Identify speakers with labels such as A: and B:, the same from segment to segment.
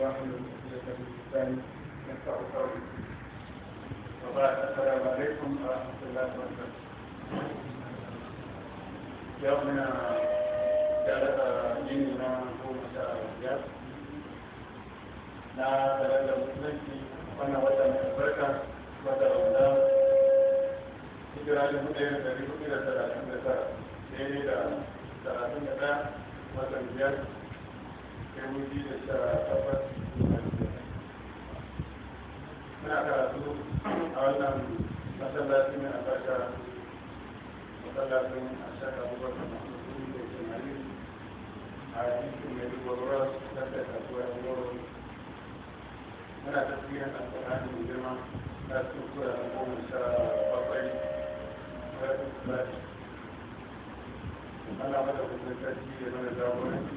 A: واحلل عقدة من لساني يفقه قولي وبعد السلام عليكم na tare da musulunci wannan wata dari da da tara daidai da da watan biyar muna karatu a wannan masallacin a fasha masallacin a shaka abubakar masu da samari a yankin mai gwarurar da ta kasuwa ya goro muna tafiyar da tsakanin mai girma ta su kura na goma sha bakwai ta su tsari Allah mata kusantarci ya mana jagoranci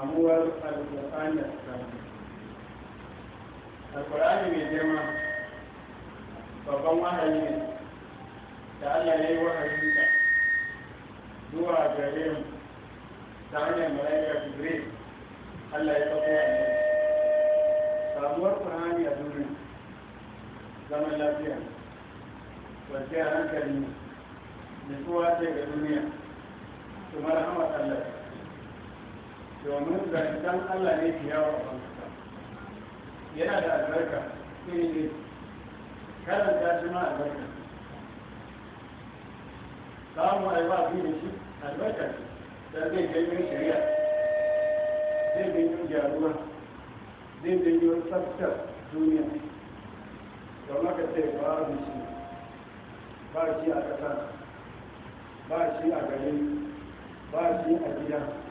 A: samuwar alƙur'ani da tsakani alƙur'ani mai girma babban wahayi ne da allah ya yi wahayi ta. zuwa gare mu ta hanyar mala'ika jibril allah ya tafi wa samuwar ƙur'ani a duniya zaman lafiya kwanciyar hankali ne, nutsuwa ce ga duniya kuma rahama allah domin zancen Allah ne ke yawo a bankuta yana da albarka iri ne karanta shi ma albarka samu a yi ba biyu da shi albarka ce don zai janyo shari'a zai janyo gyaruwa zai janyo tsaftar duniya don haka sai ba shi ba shi a ƙasa ba shi a gari ba shi a gida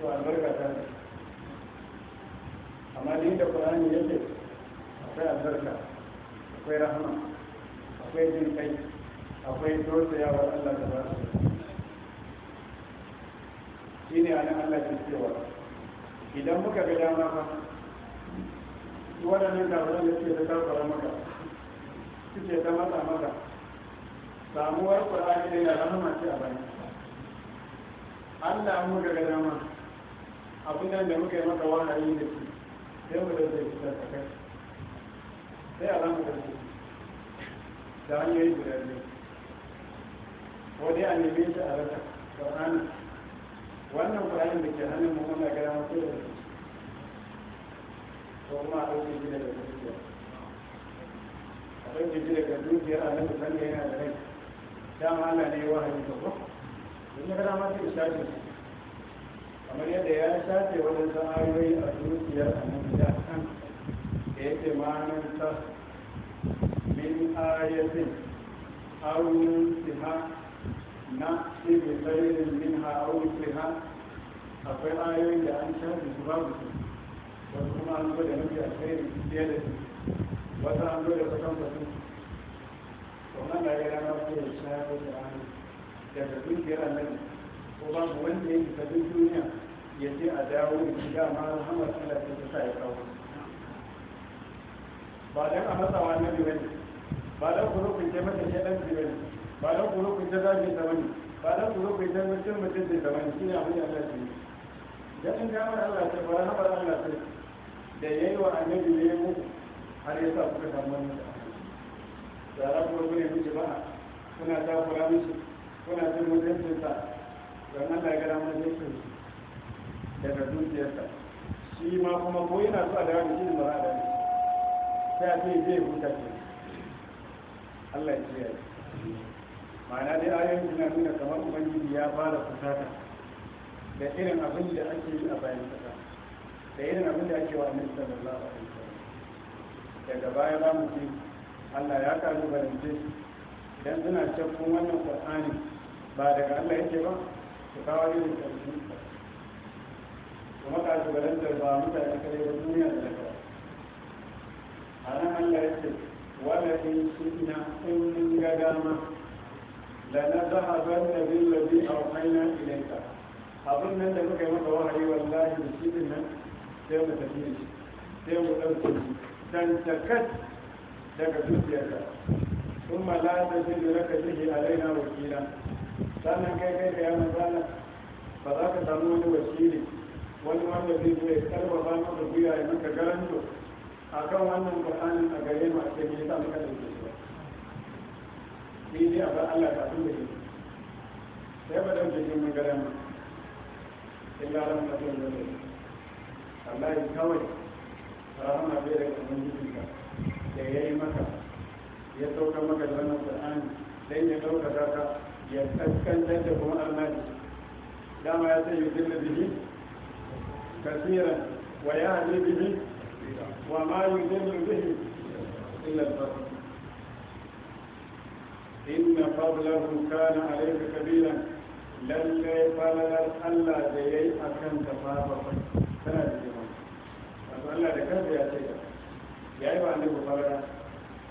A: to albarka ta ne amma da yadda ƙur'ani yake akwai albarka akwai rahama akwai jin kai akwai tausayawar Allah da ba su shi ne a Allah ke cewa idan muka ga dama ba waɗannan kafiran da suke ta karfara maka suke ta mata maka samuwar ƙur'ani ne na rahama ce a bayan Allah muka ga dama abin da muka yi maka wahayi da shi sai mu da zai fitar da kai sai alamu da shi da hanyoyi guda biyu wani a neme shi a rasa ƙwarana wannan ƙwarana da ke hannun mu wanda gara masu da shi ko kuma a ɗauke shi daga dukiya a ɗauke shi daga dukiya a nan da yana da rai dama ana ne wahayi da ko in ya gara masu da shi kamar yadda ya shafe wajen yi a zuciyar annabi da kan da ya ma'anar ta min ayatin aunin siha na ibi tsarin min ha'aunin siha akwai ayoyin da an shafe su babu su wasu kuma an zo da nufi a tsarin fiye da su wata an zo da kusan fasu wannan da ya rana ko ya shafe da hannu daga zuciyar nan. ko babu wanda ya isa duk duniya ya je a dawo da shi dama rahamar Allah ta sa ya kawo ba dan a matsawa na bane ba dan ku rukun je mata shi dan bane ba dan ku rukun je zabi da wani ba dan ku rukun je mutum mutum da wani shine abin da Allah ya yi dan in ga Allah ta fara habar Allah ta da yayi wa annabi ne mu har yasa kuka samu wannan da ra ku ne miji ba kuna ta fara miji kuna jin mutuncinsa don Allah ya gada mana su, daga dukiyarsa shi ma kuma ko yana zuwa da wani shi ba za a dame sai a ce zai huta ke Allah ya ce ya ma'ana dai ayoyin suna nuna kamar ubangiji ya fara fusata da irin abin da ake yi a bayan kasa da irin abin da ake wa annabi sallallahu alaihi wasallam daga baya za mu ce Allah ya kalu balance idan suna cakkun wannan Qur'ani ba daga Allah yake ba su kawo yin ƙarfi kuma ka shugabantar ba mutane kare ba duniya da daga a nan allah ya ce walakin suna in ga dama da na ban da bin labi a wakaina ilaita abin nan da muka yi maka wahayi wallahi da shi nan sai mu tafi da shi sai mu ɗauke shi dan takat daga zuciyarka ثم لا تجد لك به علينا وكيلا sannan kai kai da yana zana ba za ka samu wani wasiri wani wanda zai zo ba karfafa maka guya ya maka garanto a kan wannan kwanan a gare ma a cikin yasa maka ɗauke shi ba shi ne a bar Allah kafin da shi sai ba don jikin mun gare mu illa ran da zai Allah ya kawai rahama bai da kasan jikinka da ya yi maka ya sauka maka da wannan ƙur'ani dan ya sauka ka ya kaskantar da kuma almadi dama ya sai yuzilla bihi kasiran wa ya hadi bihi wa ma yuzilla bihi illa al-fadl inna fadlahu kana alayka kabira lallai falalar Allah da yayi akan ta fara tana da jama'a wato Allah da kansa ya ce yi ba annabi falala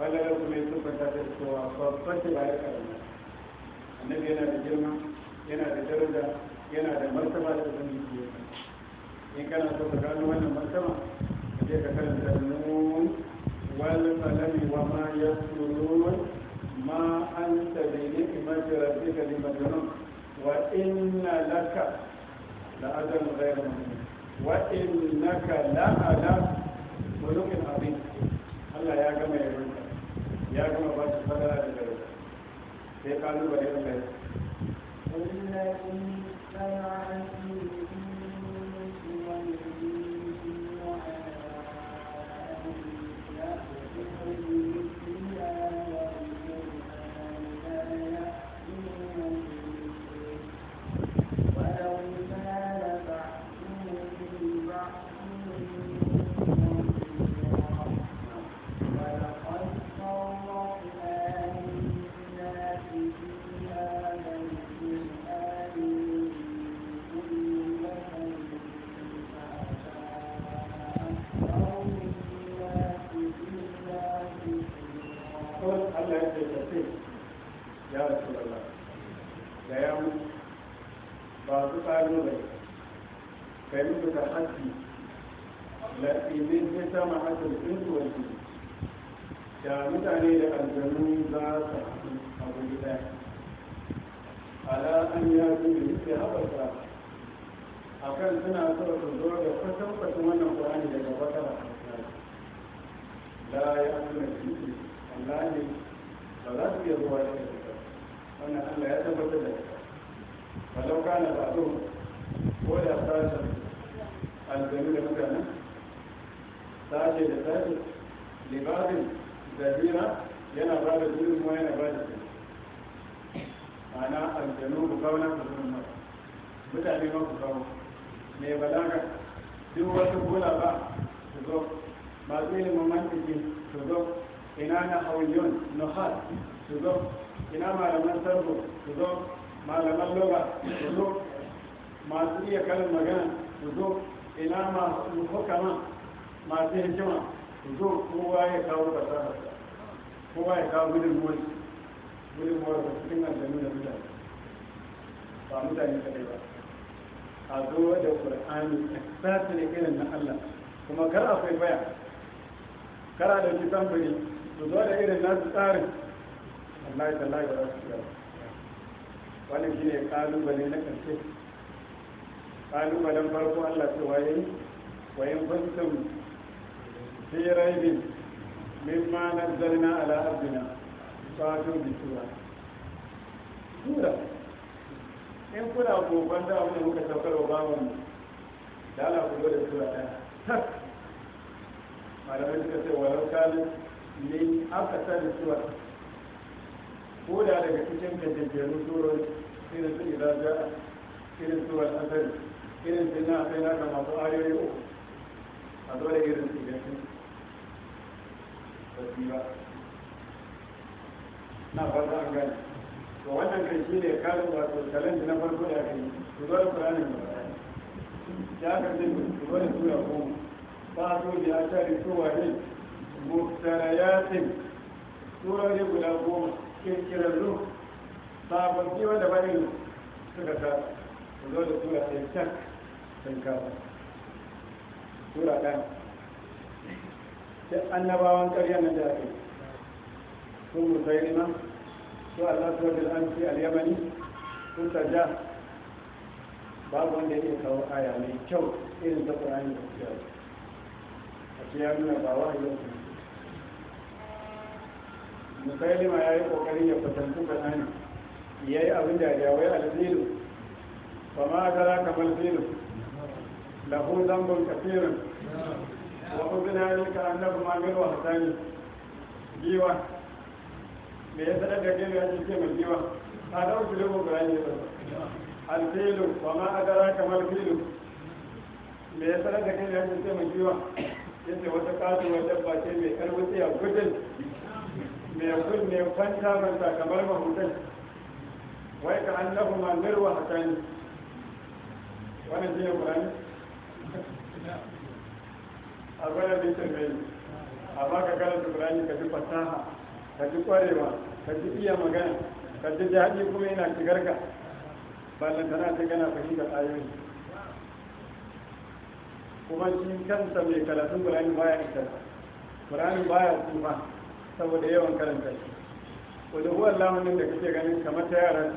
A: falalar kuma ya tabbata da cewa babbar da ba ya karanta annabi yana da girma yana da daraja yana da martaba da ubangiji ya in kana so ka gano wannan martaba ka je ka karanta nun wal qalami wa ma yasturun ma anta bi ni'mati rabbika bi majnun wa inna laka la ajran ghayra mamnun wa innaka la ala khuluqin abin Allah ya gama yarda ये कानून बने हैं وكان بعضهم ولا ساشا الجميل مثلا ساشا لساشا لبعض زبيرة ينا بعض الظلم وينا بعض الظلم معنى الجنوب قولا كظلم مرة mutane ma ku kawo mai balaga duk wata gola ba su zo masu ilimin mantiki su zo ina na hauyon nuhar su zo ina malaman sarbo su zo malaman lura su zo masu iya karin magana su zo ina masu hukama masu hikima su zo kowa ya kawo fasaha kowa ya kawo gudun gudunmuwar da cikin aljanu da mutane ba mutane kadai ba a zo da ƙur'ani a ne irin na Allah kuma kar a baya kar a ɗauki samfuri su zo da irin nasu tsarin Allah ya tallaye wa rasu wannan shi ne kalubale na ƙarshe kalubalen farko allah ce waye wayan kuntum firaibin min ma na zarina abdina fatu bi sura sura in kuna kogon da abin muka saukar wa bawan da ala ku da sura ɗaya malamai suka ce walau kalin ne aka sani sura ko daga cikin kajanjanu turai irin su ilaja irin su al'asari irin su na kai kama su ayoyi uku a dole irin su idan ba na fata an gani to wannan kai shi ne karin wato talenti na farko ya kai su dole kuranin da ya ka ce su dole ya goma ba so ne a shari su wahin muftarayatin surori guda goma kirkirarru sababbi wanda bane suka sa su zo da sura sai can sun kasa sura ɗan sai annabawan ƙarya na jafi sun musayar imam su allah su wajen an fi al-yamani sun sajja babu wanda ya kawo aya mai kyau irin ta ƙurani da kiyar a ce ya nuna ba wa yau musailima ya yi kokarin ya fatantu nani ya yi abin da ya wai alfilu ba ma gara kamar filu lahu zambon kafirin wa uzina ne ka annabi ma mirwa hasani giwa me ya sanar da gani ake ce mai giwa a ɗau filu ko gara ne ba alfilu ba ma gara kamar filu me ya sanar da gani ake ce mai giwa yadda wata kasuwar dabba ce mai karfi a gudun mai kunne kwanta manta kamar mahutai wai ka an lafi mamir wa hatani wannan shi ne kurani a gwada bincin mai a baka karanta kurani ka ji fasaha ka ji kwarewa ka ji iya magana ka ji daɗi kuma yana shigar ka ballantana ta gana fahimtar ayoyi kuma shi kansa mai karatun kurani baya ita kurani baya tsufa saboda yawan karanta shi wadda huwa lamunin da kake ganin kamar ta yara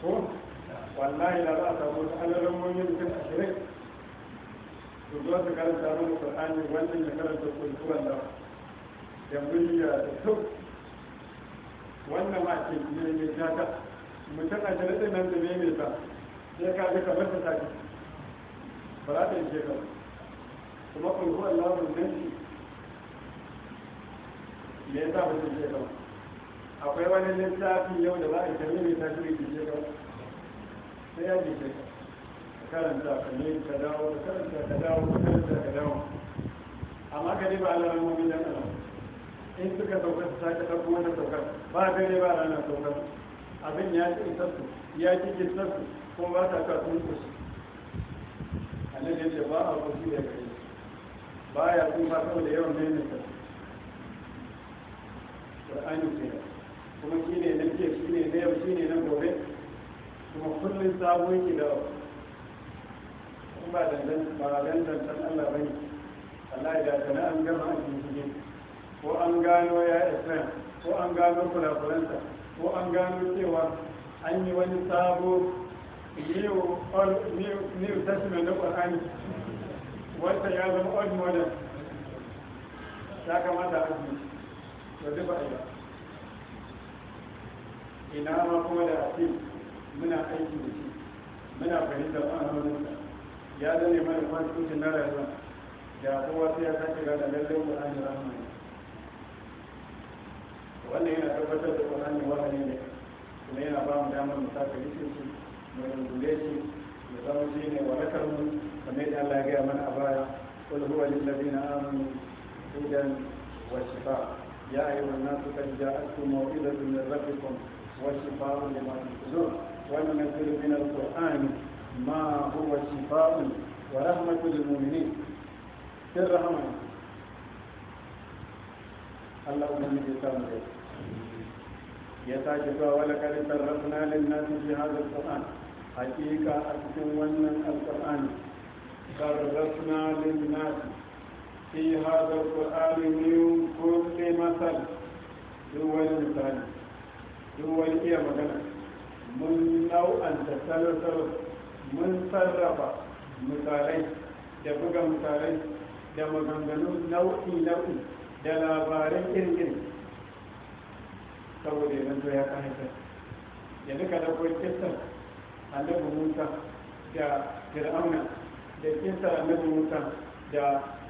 A: ko wallahi na za a samu wasu alalan mun yin kan ashirin su zuwa su karanta mana qur'ani wannan ya karanta kulturan da da murya da sau wannan ma ke ne mai jata mutum ashirin din nan da ne mai sa sai ka ga kamar ta tafi ba za ta yi shekaru kuma kulkuwan lamun nan shi me yasa ba zai je gaba akwai wani littafi yau da za a kalli mai ta shiri ke je gaba sai ya je ka karanta ka ne ka dawo ka karanta ka dawo ka karanta ka dawo amma ka ba alamun mumin dan Allah in suka saukar su sake ɗauko wata saukar ba ne ba rana saukar abin ya ci isar su ya ci gisar su kuma ba ta ka sun kusa annabi ya ce ba a kusi da kai ba ya kuma saboda yawan maimaita qur'ani ke kuma shine na ke shine na yau shine na gobe kuma kullum sabo yake da kuma ba dandan ba dandan san Allah bane Allah ya kana an gama a cikin shi ko an gano ya isa ko an gano kulakulanta ko an gano cewa an yi wani sabo new testament na ƙwarani wata ya zama old model ya kamata a to duk ba ba ina ma kuma da ake muna aiki da shi muna fahimtar ma'anoninsa ya zane mana kwanci na rayuwa da kowa sai ya sake gada lallai da rahama wannan yana tabbatar da ƙur'ani wahani ne kuma yana ba mu damar mu saka rikin shi mu rungule shi mu zama shi ne warakar mu kamar da Allah ya gaya mana a baya kul huwa lil na amanu hudan wa shifa يا أيها الناس قد جاءتكم موعظة من ربكم وشفاء لما في الصدور وننزل من القرآن ما هو شفاء ورحمة للمؤمنين سر رحمة الله أمني بسام يتاجد ولقد صرفنا للناس في هذا القرآن حقيقة من القرآن صرفنا للناس في هذا القرآن من كل مثل دول مثال دول إيه مغنى من نوع أن تسلسل من صرف مثالين يبقى مثالين da maganganun nau'i nau'i da labaran irin saboda idan zo ya kayatar ya duka da kuwa kisar annabi musa da fir'auna da kisar annabi musa da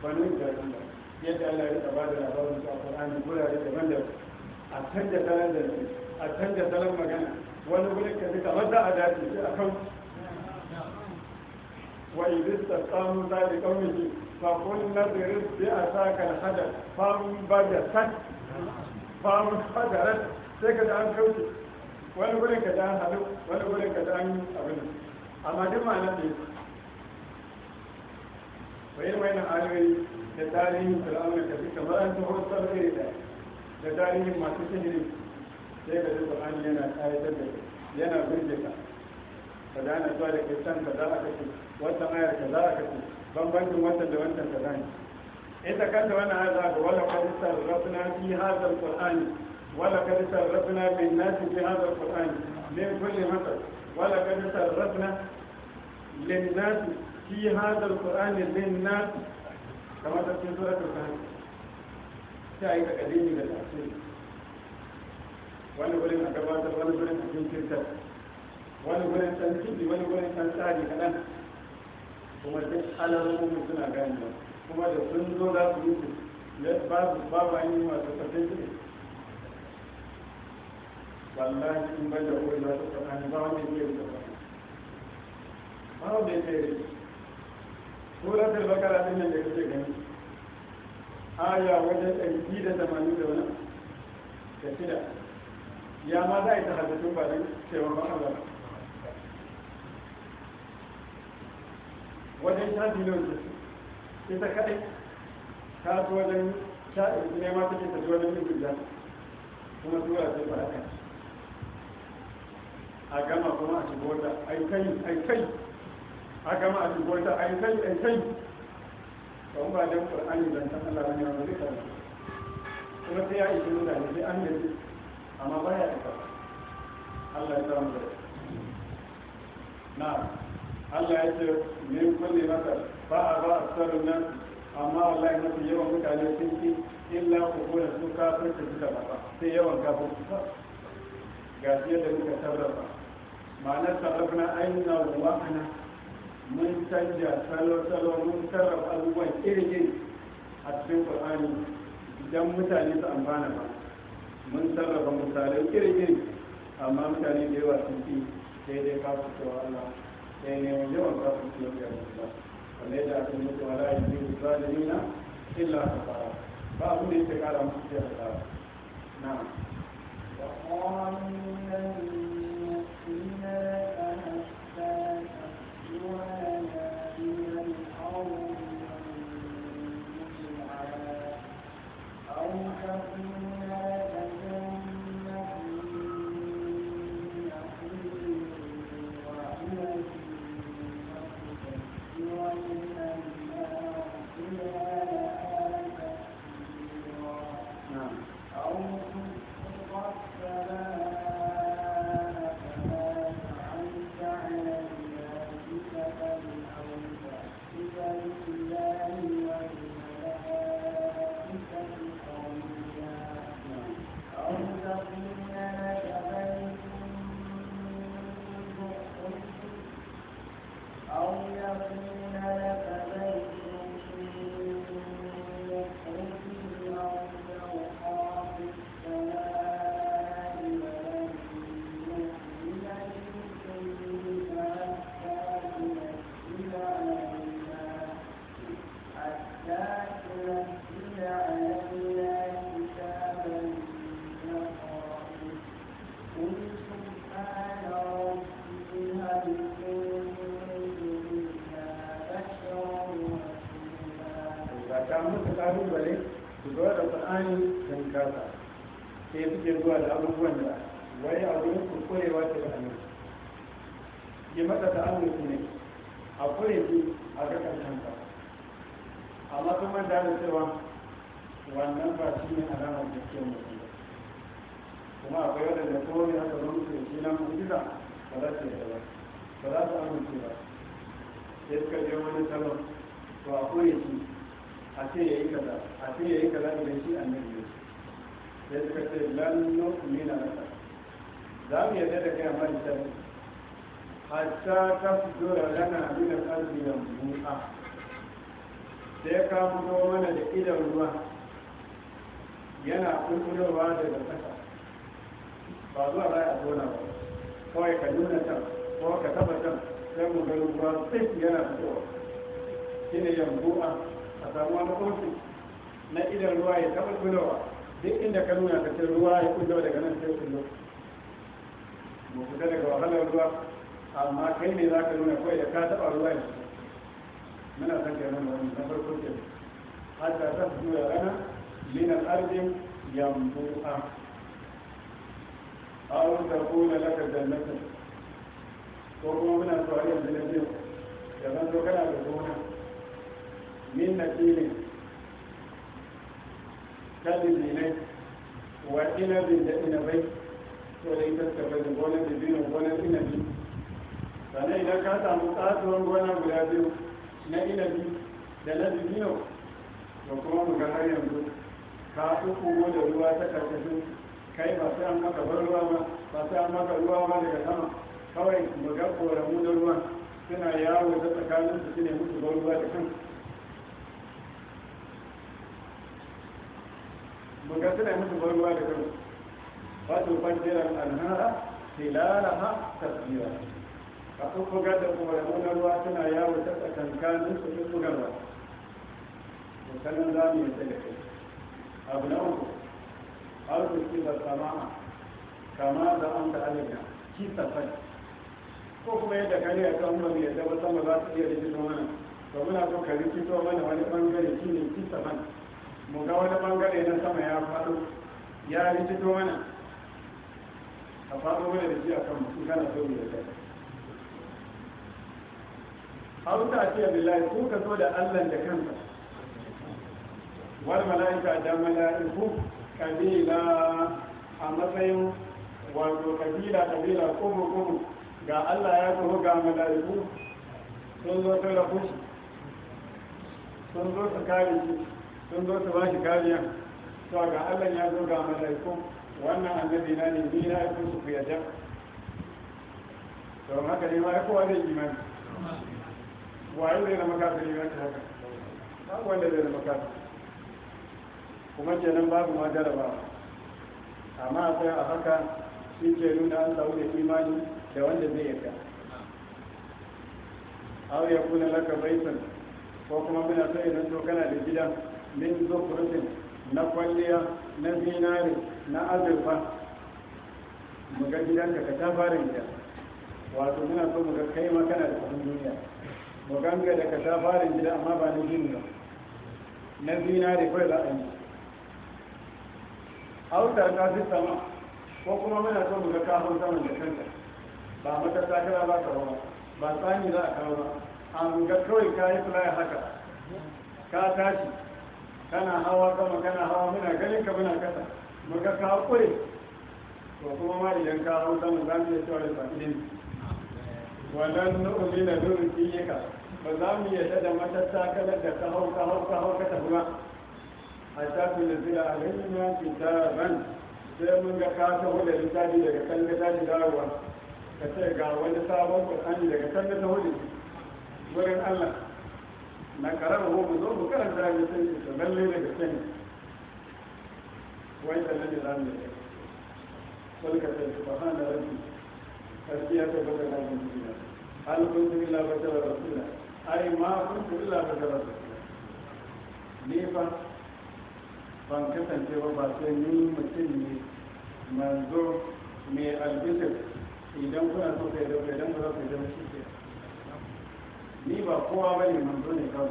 A: Wani banu isra'ila yadda Allah ya ba da labarin su a Qur'ani gurare daban-daban a canja salon da a canja salon magana wani wurin ka duka wanda a daji shi a kan wa idis ta samu zali kaumihi fa kun nadirin bi a sa kan hada famun ba da sat famun hadarat sai ka da an kauce wani wurin ka da an halu wani wurin ka da an abin amma duk ma'ana ne bayan wayan ayoyi da tarihin fir'auna da fi kamar an taho sarfe da da tarihin masu sihiri sai ka zuba an yana kayatar da yana birge ka ka da ana zuwa da ke can ka za a kashe wannan ayar ka za a kashe bambancin wannan da wannan ka zani ita kanta wannan ayar za ka wala kwadisar rafina fi hazar qur'ani wala kwadisar rafina bin nasi fi hazar qur'ani min kulli masar wala kwadisar rafina lin nasi في هذا القرآن للناس كما تبقى سورة القرآن تعيد تقديمي للأسل wani wurin a gabatar wani wurin a jinkirta wani wurin can tudu wani wurin can tsari nan kuma duk alamomin suna gane kuma da sun zo za su yi su babu an yi masu ƙarfin su ne wallahi in bai da za su ba wani ke ba ke yi suratul bakara din nan da kake gani aya wajen ɗari da tamanin da wani da shida ya ma za a yi ta hadisin ba don cewa ba Allah wajen sha biliyon ce ita kaɗai ta su wajen sha ne ma take tafi wajen yin guda kuma tura ce ba a gama kuma a shiga wata aikai aikai haka ma a cikin wata ai sai ai kai. don ba dan qur'ani dan ta Allah ne wanda zai kuma sai ya yi da ne sai an yi amma ba ya tafi Allah ya samu na Allah ya ce ne kulli masa ba a ba asarun nan amma wallahi mafi yawan mutane sun ki illa ku da su kafin su suka ba sai yawan kafin su ba ga shi yadda muka sarrafa ma'anar sarrafa na ainihin nan. mun canja salo-salo mun sarrafa abubuwan irin a cikin ƙwarani don mutane su amfana ba mun sarrafa mutane irin amma mutane da yawa sun fi daidai kafin cewa Allah sai yi neman yawan kafin cewa ya mutu wanda ya dace mutu wala yi da nuna illa ka fara ba abin da yake kara musu sai ka fara na'am sai suke zuwa da abubuwan da wani a wurin su kurewa ta da annabi ya mata ta annabi ne a kure shi a ga karshen amma kuma da da cewa wannan ba shi ne alamar da ke mutum kuma akwai wadanda ko ne aka zo musu da shi na mu'jiza ba za su yi ba ba za su amince ba sai suka je wani salon to a kure shi a ce ya yi kaza a ce ya yi kaza idan shi annabi ne sai suka ce lan nu'mina laka za mu yarda da kai amma da hatta tafdura lana min al-ardi yanbu'a sai ka fito mana da idan ruwa yana kulkulowa daga ƙasa ba zuwa za a zona ba kawai ka nuna can ko ka taba can sai mu ga ruwa sai yana fitowa shine yanbu'a a samu wani kofi na idan ruwa ya taba kulkulowa duk inda ka nuna ka ce ruwa ya kullo daga nan sai kullo mu fita daga wahalar ruwa amma kai ne za ka nuna kawai da ka taɓa ruwa ya muna son ka nuna wani na farko ke hatta ta su nuna rana min al'arzi yambu'a aw takuna laka jannatun ko kuma muna so a yanzu na biyu da zan zo kana da gona min na filin na dindinai wa ina inabin da bai ko da ita ta bari gonar da biyu gonar inabi sannan idan ka samu tsatuwar gona guda biyu na inabi da na dindino to kuma mu ga har yanzu ka uku da ruwa ta karkashin kai ba sai an maka bar ruwa ba ba sai an maka ruwa ba daga sama kawai mu ga koramu da ruwan suna yawo ta tsakanin su ne musu bar ruwa da kansu mun ga suna musu ruwa da kansu wato fajiran anhara tilalaha tasbira a kuka da kuma ruwa suna yawo ta tsakankanin su duk bugarwa sannan za mu yi tsaye abu na uku arzu kifar sama kama da an da. alina kisafai ko kuma yadda kare a kan ba mai yadda ba sama za su iya rikito mana to muna so ka rikito mana wani bangare shine kisafai mu ga wani bangare na sama ya faɗo ya rikito mana a faɗo mana da shi a kan mutum kana so mu yarda hausa ce billahi ko ka so da allah da kansa wal mala'ika da mala'iku kabila a matsayin wato kabila kabila kuma kuma ga allah ya zo ga mala'iku sun zo shi sun zo su kare shi sun zo su ba shi kariya to ga Allah ya zo ga malaiku wannan annabi na ne ni na aiko su ku yarda to haka ne ma ya kowa zai imani waye zai zama kafiri yi ta haka ba wanda zai zama kafiri kuma kenan babu ma jarabawa amma akwai a haka shi ke nuna an samu da imani da wanda zai yarda aw ya kuna laka baitan ko kuma muna sai nan to kana da gidan min zukurfin na kwalliya na zinari na azurfa mu ga gidanka ka ta fara gida wato muna so mu ga kai ma kana da kudin duniya mu ganga da ka ta fara gida amma ba na gini ba na zinari kawai za a yi autar ka fi sama ko kuma muna so mu ga kafin saman da kanka ba matasa kana ba ka ba ba tsani za a kawo ba an ga kawai ka yi haka ka tashi kana hawa sama kana hawa muna ganin ka muna kasa muka ka hakuri to kuma ma idan ka hau sama za mu iya cewa da fa'ilin wannan nu'umi na nurin ka ba za mu iya da kalar da ka hau ka hau ka hau ka tafi ba a shafi da zira a lalina ran sai mun ga ka taho da littafi daga kan ka tashi dawowa ka ce ga wani sabon ƙur'ani daga kan ta taho wurin Allah na karama ko mu zo mu karanta ya sai su lalle daga can wai da nan da nan ne sai ka ce subhana rabbi tarbiya ta bada da mun ji hal kuntu illa bashara rasula ai ma kuntu illa bashara rasula ne fa ban kasance ba ba sai ni mutum ne manzo mai albishir idan kuna so kai da kai idan ba za ku yi da shi ni ba kowa ba ne manzo ne kawai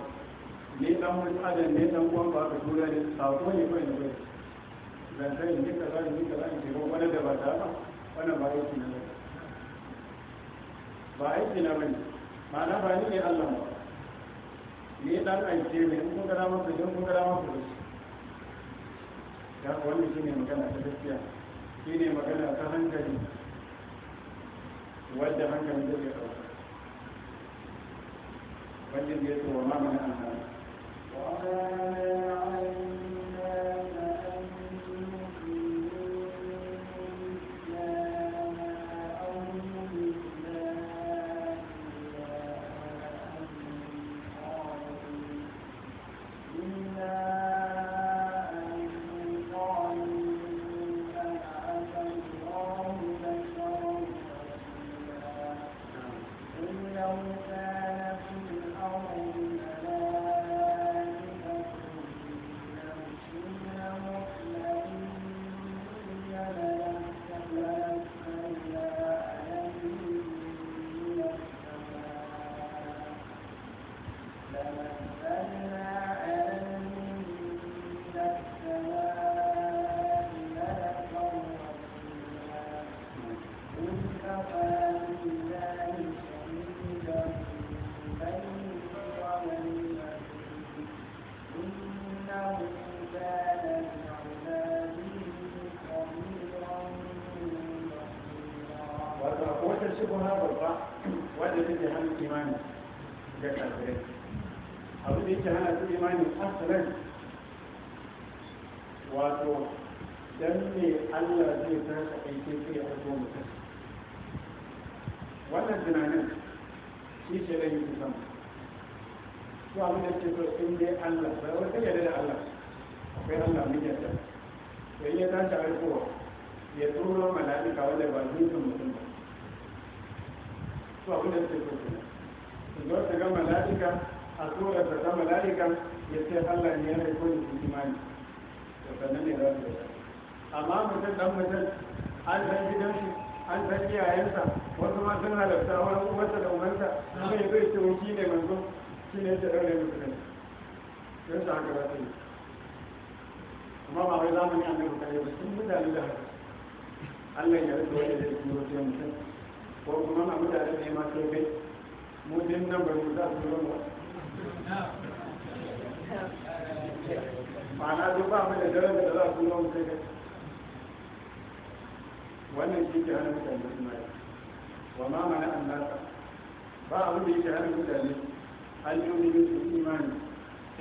A: ni dan wani adam ne dan uwan ba ka tura ne sako ne kawai ne bai zan kai ni ne ni zai ni ko wani da ba ta ba wannan ba yake ne ba yake ne ba ma'ana ba ni ne Allah ba ni dan ce ne in kun gara maka in kun gara maka ya ka wannan shine magana ta gaskiya shine magana ta hankali wanda hankali zai ɗauka ubangiji ya ce wa ma mana an wato dan me Allah zai tarka aikin sai ya zo mutum wannan tunanin shi ce da yin sama su abin da ke so in dai Allah ba wata yadda da Allah akwai Allah mun yadda to in ya tashi aikowa ya turo mala'ika wanda ba jinsin mutum ba su abin da ke so kenan in zo ta ga mala'ika a tsoron ta mala'ika ya ce Allah ne ya raiko da imani sannan ne za su amma mutum dan mutum an san gidan shi an san iyayensa wasu ma sun halarta wani da umarsa kuma ya zai ce ne manzo shi ne don haka za su yi amma ba wai zamani an da mutane ba sun mutane da haka Allah ya wani da mutum ko kuma na mutane ne ma sai kai mu din nan ba mu za su zama ba ma'ana duk ba mai da daren da za su nuna sai gaci wannan shi ke hana mutane suna yi wa ma mana an lasa ba abin da yake hana mutane an yi wani yin imani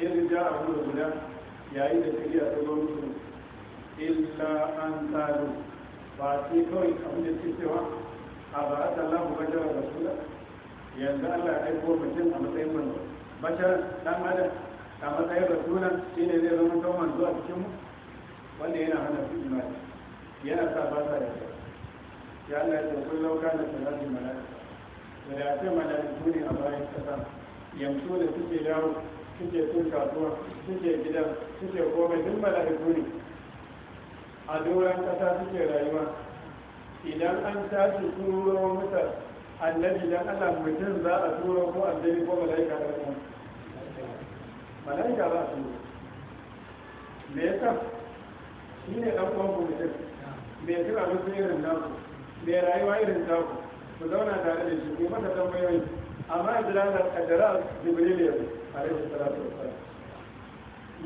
A: in ja a wani guda yayi da shari'a ta zo musu illa an tsaro ba sai kawai abu da suke cewa a ba a tsalla mu su da yanzu allah ya aiko mutum a matsayin manzo bashar dan adam a matsayin sunan shi ne zai zama tawon zuwa cikin mu wanda yana hana su imani yana sa ba sa yarda ya Allah ya tsofin lauka da salatin mala'ika da ya ce mala'iku ne a bayan kasa yamsu da suke yawo suke cin kasuwa suke gidan suke komai duk mala'iku ne a doron kasa suke rayuwa idan an tashi turo mutar annabi dan Allah mutum za a turo ko annabi ko mala'ika da kuma malaika ba su me yasa shi ne ɗan uwan mutum me kira musu irin naku me rayuwa irin taku ku zauna tare da shi ku masa tambayoyi amma ijilala kaddara jibril ya zo alaihi salatu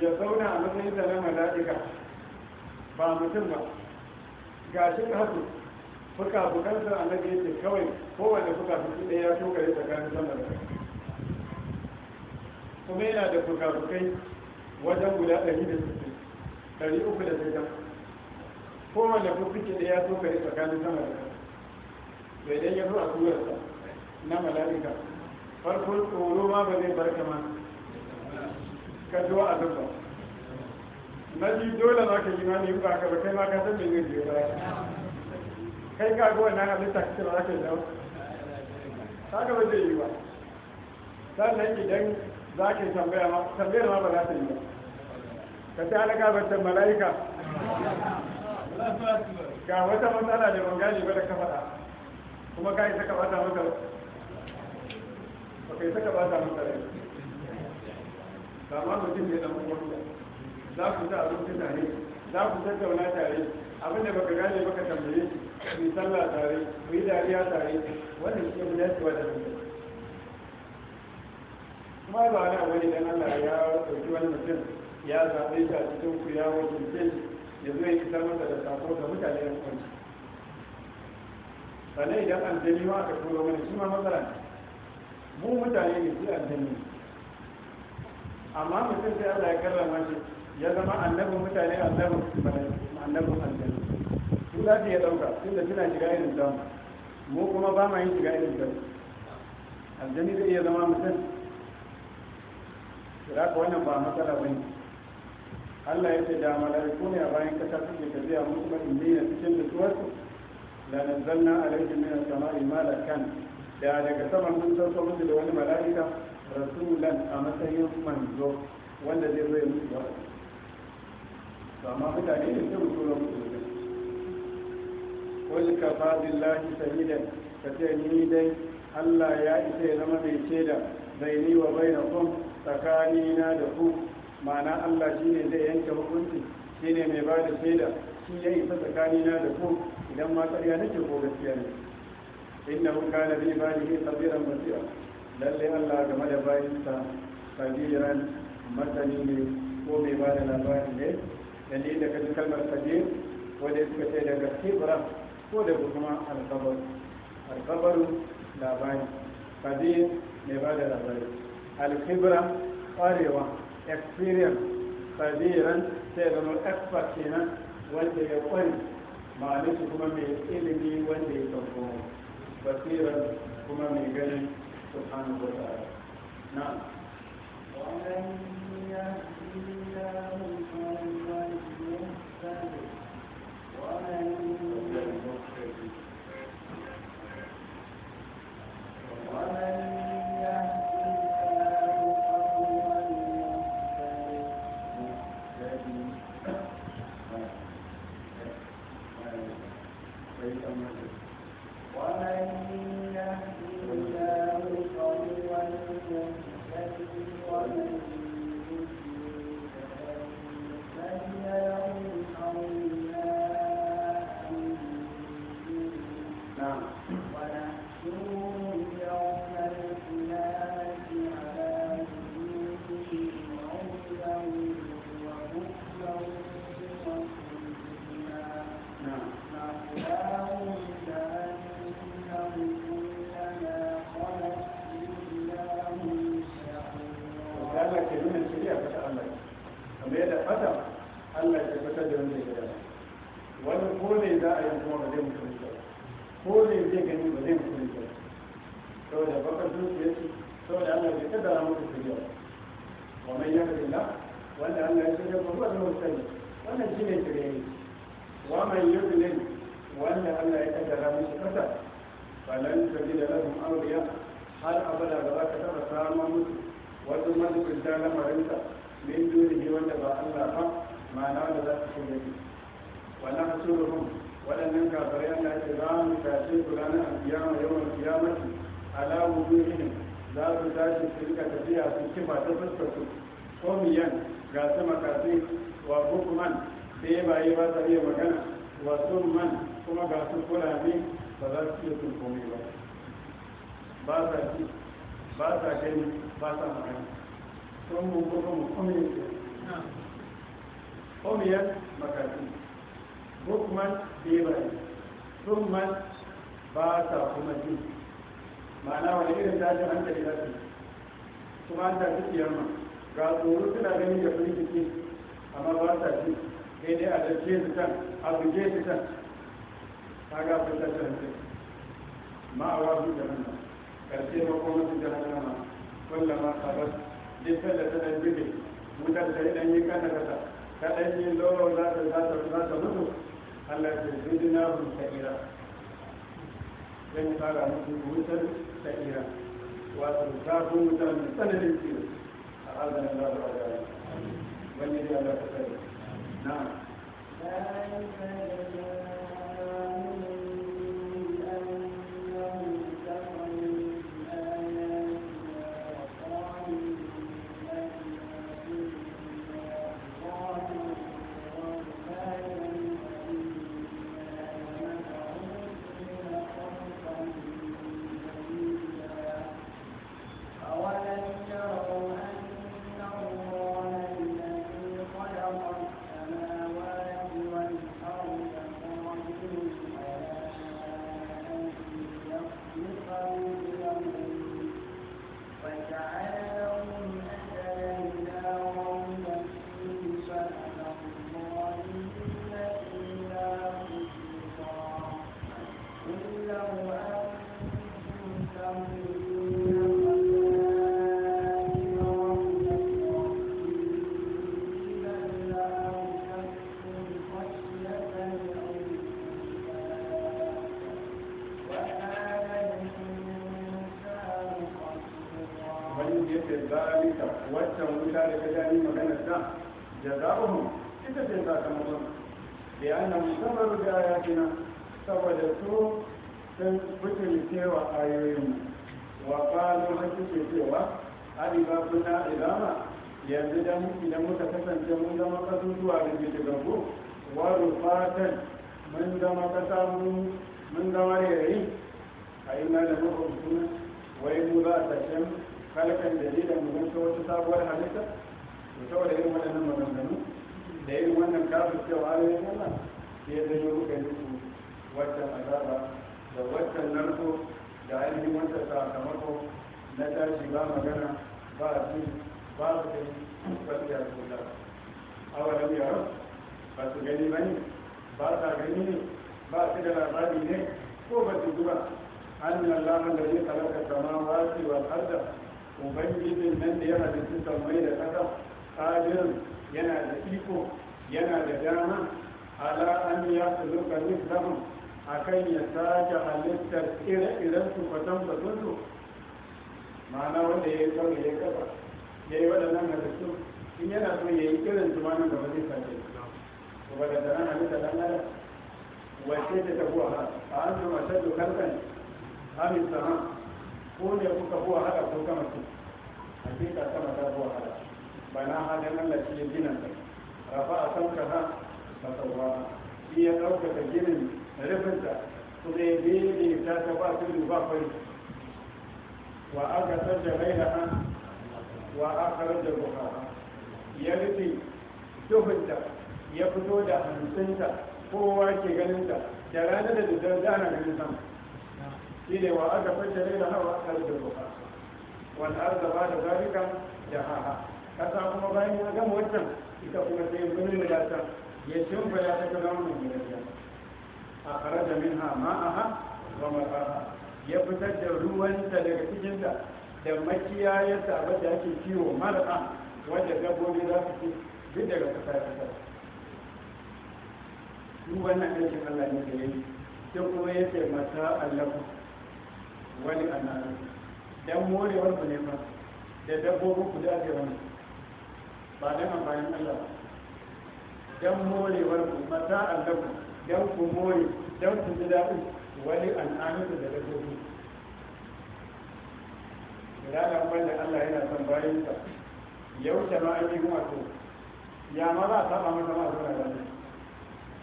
A: ya zauna a matsayin da na mala'ika ba mutum ba ga shi haɗu fuka a annabi yake kawai kowane fuka-fuki ɗaya ya tokare tsakanin sama da kuma yana da fukafukai wajen guda ɗari da sittin ɗari uku da sita kowane fukuki da ya soka ne tsakanin sama da ƙasa da idan ya zo a turarsa na mala'ika farkon tsoro ma ba zai barka ma ka zo a zuba na ji dole ma ka yi ma ne ba ka ba kai ma ka san mai zai ba kai ka ga wannan abin ka ce ba ake ka dawo ta ga ba zai yi ba sannan idan za ka tambaya ma tambayar ma ba za ta yi ba ka ta halaka ta mala'ika ga wata matsala da ban gane ba da ka kuma ka yi ka bata mata ba ka isa ka bata mata rai ba ma mutum ne da mutum za ku ta abinci tare za ku tattauna tare abin da baka gane baka tambaye ku yi sallah tare ku yi dariya tare wannan shi ne da ya ci wa da mutum kuma ba wani abu idan Allah ya ɗauki wani mutum ya zaɓe shi a cikin ku ya wakilce ya zo ya isar masa da sako ga mutane ya kwanci sannan idan aljani ma aka tura wani shi ma matsala ne mu mutane ne shi aljani amma mutum sai Allah ya karrama shi ya zama annabin mutane annabin annabin aljani su za su iya ɗauka tunda suna shiga irin damu mu kuma ba ma yin shiga irin damu aljani zai iya zama mutum da ka wannan ba matsala ba ne Allah ya ce da malaiku ne a bayan kasa suke tafiya musu ba inda yana cikin da tuwarsu da a laifin min sama imala kan da daga sama mun sauko musu da wani mala'ika rasulan a matsayin manzo wanda zai zai musu ba ba ma mutane ne sai musu ran musu da qul kafa billahi ka ce ni dai Allah ya isa ya zama mai shaida ni wa bai na kuma na da ku ma'ana Allah shi ne zai yanke hukunci shi ne mai ba da shaida shi ya isa tsakanina da ku idan ma ƙarya nake ko gaskiya ne inna hu kana bi ibadihi tsabiran basira lalle Allah game da sa tsabiran masani ne ko mai ba da labari ne dalilin da kaji kalmar khabir wanda suka ce daga khibra ko da kuma alkabar alkabaru labari khabir mai ba da labari alkhibra ƙwarewa experience kabiran sai zama expert kenan wanda ya kwari ma'ana shi kuma mai ilimi wanda ya sauko basira kuma mai ganin subhanahu wa ta'ala na'am
B: ومن يهدي الله فهو المهتد ومن
A: majibinta lamarinsa min dunihi wanda ba Allah ba ma'ana wanda za su shirya ne wala hasuruhum waɗannan kafirai Allah ya ce za mu tashi su ranar alkiyama yawan kiyamati ala wujuhihim za su tashi su rika tafiya su kifa ta fuskar ko miyan ga sama kasi wa hukuman sai baye ba ta iya magana wa man kuma ga su kurame ba za su iya sun komai ba ba sa ci ba sa gani ba sa magana sango goma omiyan omiyan makafi bukman bebari tumman ba ta kuma ji ma'ana wani irin tashin hankali za su kuma an tafi kiyama ga tsoro suna ganin da kuri jiki amma ba ta ji sai dai a zarce su can a buje su can ta ga fi tashin hankali ma'awa su jahannama karshe makomansu jahannama kullum ma sabar duk sanda ta dan bige wutar ta dan yi kana kasa ta dan yi loro za ta za ta za ta mutu Allah sa'ira fara wutar sa'ira wato ta ku wutar mai tsananin ciwo a azan Allah wani na'am cewa ayoyinmu wa ƙalu har ke cewa adiba na ilama yanzu dan idan muka kasance mun zama kasusuwa da ke ku. wa fatan mun zama kasa mun zama rairayi a yi na da mahaukuna wai mu za a tashen kalkan da ji da mun ta wata sabuwar halitta to saboda irin waɗannan maganganu da irin wannan kafin cewa ayoyin Allah ya zai yi muka yi wajen azaba da wancan narko da ainihin wancan sakamako na tashi ba magana ba a cin ba su gani gaskiya su da yaro ba su gani ba ne ba sa gani ne ba su da labari ne ko ba su zuba an nan lamar da ya kalaka sama wasi wa arda ubangijin nan da yana ya halittu sammai da kasa ƙadirin yana da iko yana da dama ala an ya su zuka zaman. akan ya sake halittar ire-iren su kwatan batun su ma'ana wanda ya yi kawai ya kaba ya yi waɗannan halittu in yana so ya yi irin su manan da wani sake ba da tsaron halittar ɗan adam wace ta tafi a a an zama shaddu kalkan amin sama ko ne kuka fi wahala ko kama su hakika sama ta fi wahala ba na halin allah shi ya gina ta rafa a san ha ba sauwa shi ya ɗaukaka ginin rufinta kuma ya daidai ta ta ba tudu ba fari wa aka sarja gaira an wa aka rarja bukara ya rufe duhunta ya fito da hamsinta kowa ke ganinta da ranar da dudar dana ganin sama shi ne wa aka sarja gaira an wa aka rarja bukara wani arzaba da zarika da haha kasa kuma bayan ya gama wancan ita kuma sai birnin da ta ya shimfa ya ta kama wannan gidan أخرج منها ماءها ومرآها يفتد روان تلقتجنة دمكيا يتعبد فيه مرأة وجدبوا kasa بدل فتاة ruwan na aikin Allah ne da yi sai kuma ya mata allahu wani annabi dan morewar ku ne ba da dabbobin ku da ake wani ba dan amfanin Allah dan morewar ku mata allahu Yan ku more don ku ji daɗin wani al'amitu da dabbobi ranar wanda Allah yana son bayansa yau ta ma an yi wato ya ma za a saba masa ma zuwa ranar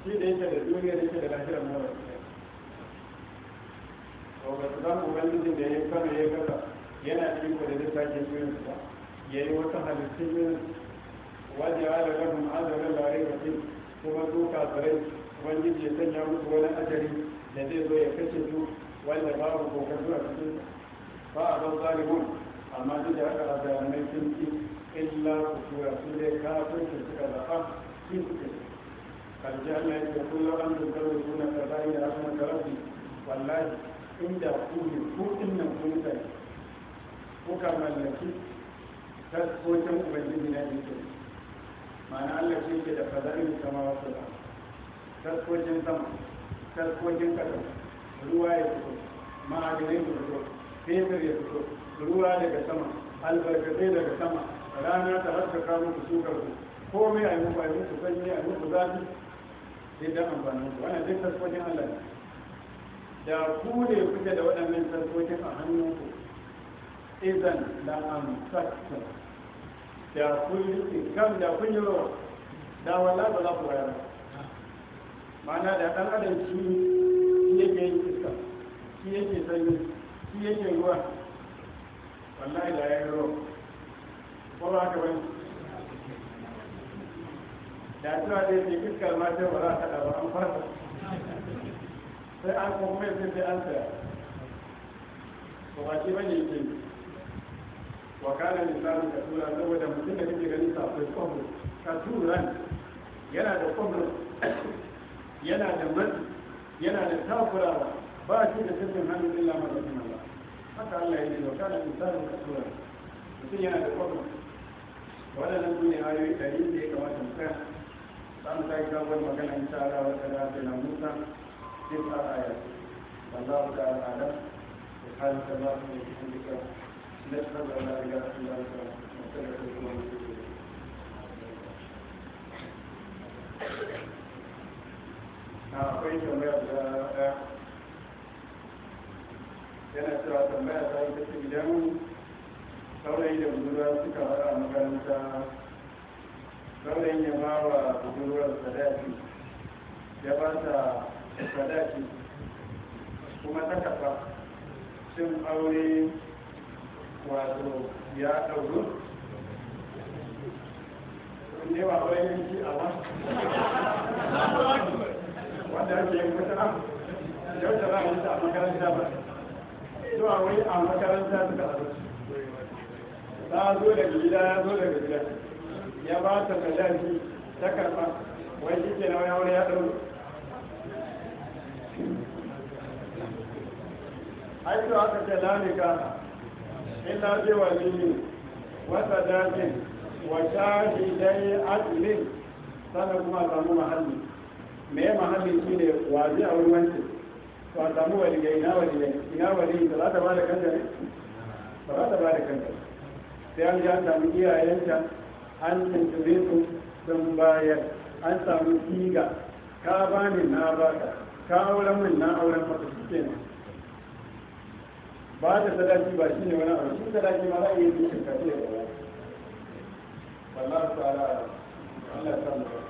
A: shi da yake da duniya da yake da lafiyar mora to ba su zama ubangijin da ya yi kano ya kasa yana ciko da littafin suyin ba ya yi wata halittun yin wajewa da lafin azarin larai mutum kuma su kasarai ubangiji ya sanya musu wani ajali da zai zo ya kashe su wanda babu kokardu zuwa cikin ba a don zalimun amma duk da haka azalimai sun ki illa ku tura su dai kafin su suka zaɓa shi suka ce kalji Allah ya ce kullum an dogara da sunan kaza ya rahama ka rabbi wallahi inda ku ne ku innan ku mutane kuka mallaki tasbocin ubangiji na jikin ma'ana Allah ce ke da fadarin kama wasu ba taskokin sama taskokin kasa ruwa ya fito ma'adinai su fito fetur ya fito ruwa daga sama albarkatai daga sama rana ta haskaka muku shukar ku komai a yi muku a yi muku sanyi a yi muku zafi sai dan amfanin ku wannan duk taskokin Allah ne da ku ne kuke da waɗannan taskokin a hannun hannunku idan la amsaktum da kun yi kam da kun yi rawa da wallahi ba za ku bayar ba Ma'ana da ɗan adam shi yake yin iska shi yake sanyi shi yake ruwa wallahi da ya yi ruwa ko ba ka bani da tuwa da yake iska ma sai ba za a ba an fara sai an kuma mai sai an tsaya ko ba shi bane yake yi wa kana samun ka tura saboda mutum da kake ganin sa akwai kwamfur ka tura yana da kwamfur yana da matsi yana da takurawa ba shi da sirrin hannu illa ma zafin Allah haka Allah ya yi wa kana misalin kasuwar mutum yana da kwakwa waɗannan su ne ayoyi ɗari da ya kamata mu kan za mu sake magana in sha Allah wata da na Musa sai ta aya wallahu ta'ala ala سبحانك اللهم وبحمدك نشهد ان لا اله الا انت نستغفرك ونتوب اليك Thank you. akwai tambaya da ɗaya yana cewa tambaya ta ita ce idan saurayi da budurwa suka haɗa a makaranta saurayin ya ba wa budurwar sadaki ya ba ta sadaki kuma ta kafa cin aure wato ya ɗauru ne ba bayan shi a ba da ake yin wata abu da wata za a yi ta a makaranta ba zuwa wai a makaranta suka Za a zo daga gida ya zo daga gida ya ba ta sadaki ta karfa wai shi ke na wani aure ya ɗauro ai to aka ce lamika illa bi waliyin wa sadakin wa shahidai adlin sannan kuma samu mahalli me mahalli shi ne waje a auri ba samu a samu ina ina ne ina wani ba za ta ba da kanta ne ba za ta ba da kanta sai an ji an samu iyayenta an tuntube su sun bayar an samu siga ka ba ni na ba ka ka auren min na auren maka su ke nan ba da sadaki ba shi ne wani abu shi sadaki ma za a iya yi shirka ce da wani wallahu ta'ala Allah ya ba.